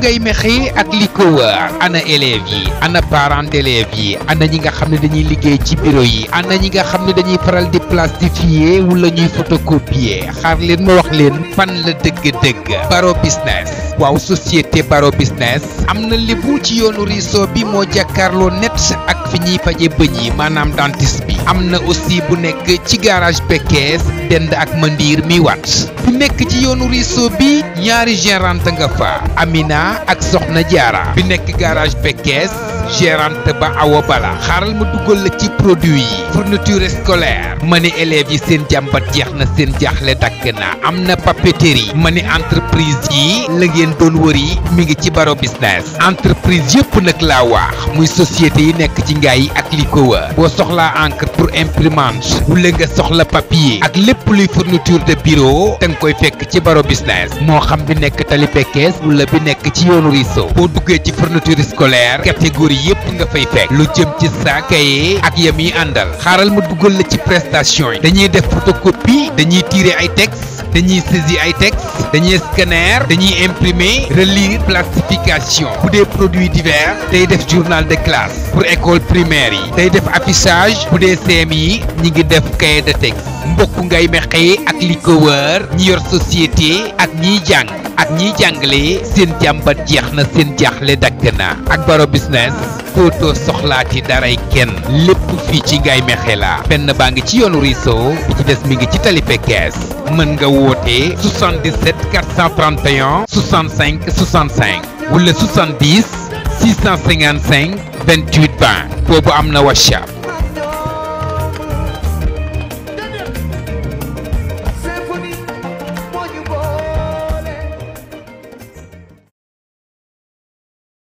ngay mexi ak li ko ana élèves yi ana parents d'élèves yi ana ñi nga xam ne dañuy liggéey ci bureau yi ana ñi nga xam ne dañuy faral di plastifier wala ñuy photocopier xaar leen ma wax leen fan la dëgg-dëgg baro business waaw société baro business am na lébu ci yoonu riso bi moo jàkkaarloo net ak fi ñuy pajee bëñ yi maanaam dentiste bi am na aussi bu nekk ci garage Pekes dend ak Mandir mi wat bu nekk ci yoonu Riso bi ñaari gérante nga fa Amina ak Soxna Jaara bi nekk garage Pekes gérante ba Awa Bala xaaral ma duggal la ci produit yi fourniture scolaire ma ne élèves yi seen jàmbat jeex na seen jaaxle dakk na am na papeterie ma ne entreprise yi la ngeen doon wër yi mi ngi ci baro business entreprise yëpp nag laa wax muy société yi nekk ci ngaay yi ak li boo soxlaa encre pour imprimante bu leen nga soxla papier ak lépp luy fourniture de bureau da nga koy fekk ci baro business moo xam bi nekk tali Pekes wala bi nekk ci yoonu Riso boo duggee ci fourniture scolaire catégorie yépp nga fay fekk lu jëm ci sa cahier ak yam yi àndal xaaral ma duggal la ci prestation yi dañuy def photocopie dañuy tirer ay texte dañuy saisir ay texte dañuy scanner dañuy imprimer relire plastification pour des produits divers day def journal de classe pour école primaire yi day def affichage pour des CM yi ñi ngi def cahier de texte mbokk ngay mexee ak li ko wër ñi yor société ak ñi jàng ak ñi jàngale seen jàmbat jeex na seen jaaxle dagg ak baro business sootoo soxlaati daray kenn lépp fii ci Ngaye Mékhé la benn baa ngi ci yoonu Riso bi ci des mi ngi ci tali Pekes mën nga woote 77 431 65 65 wala 70 655 28 20 boobu am na WhatsApp.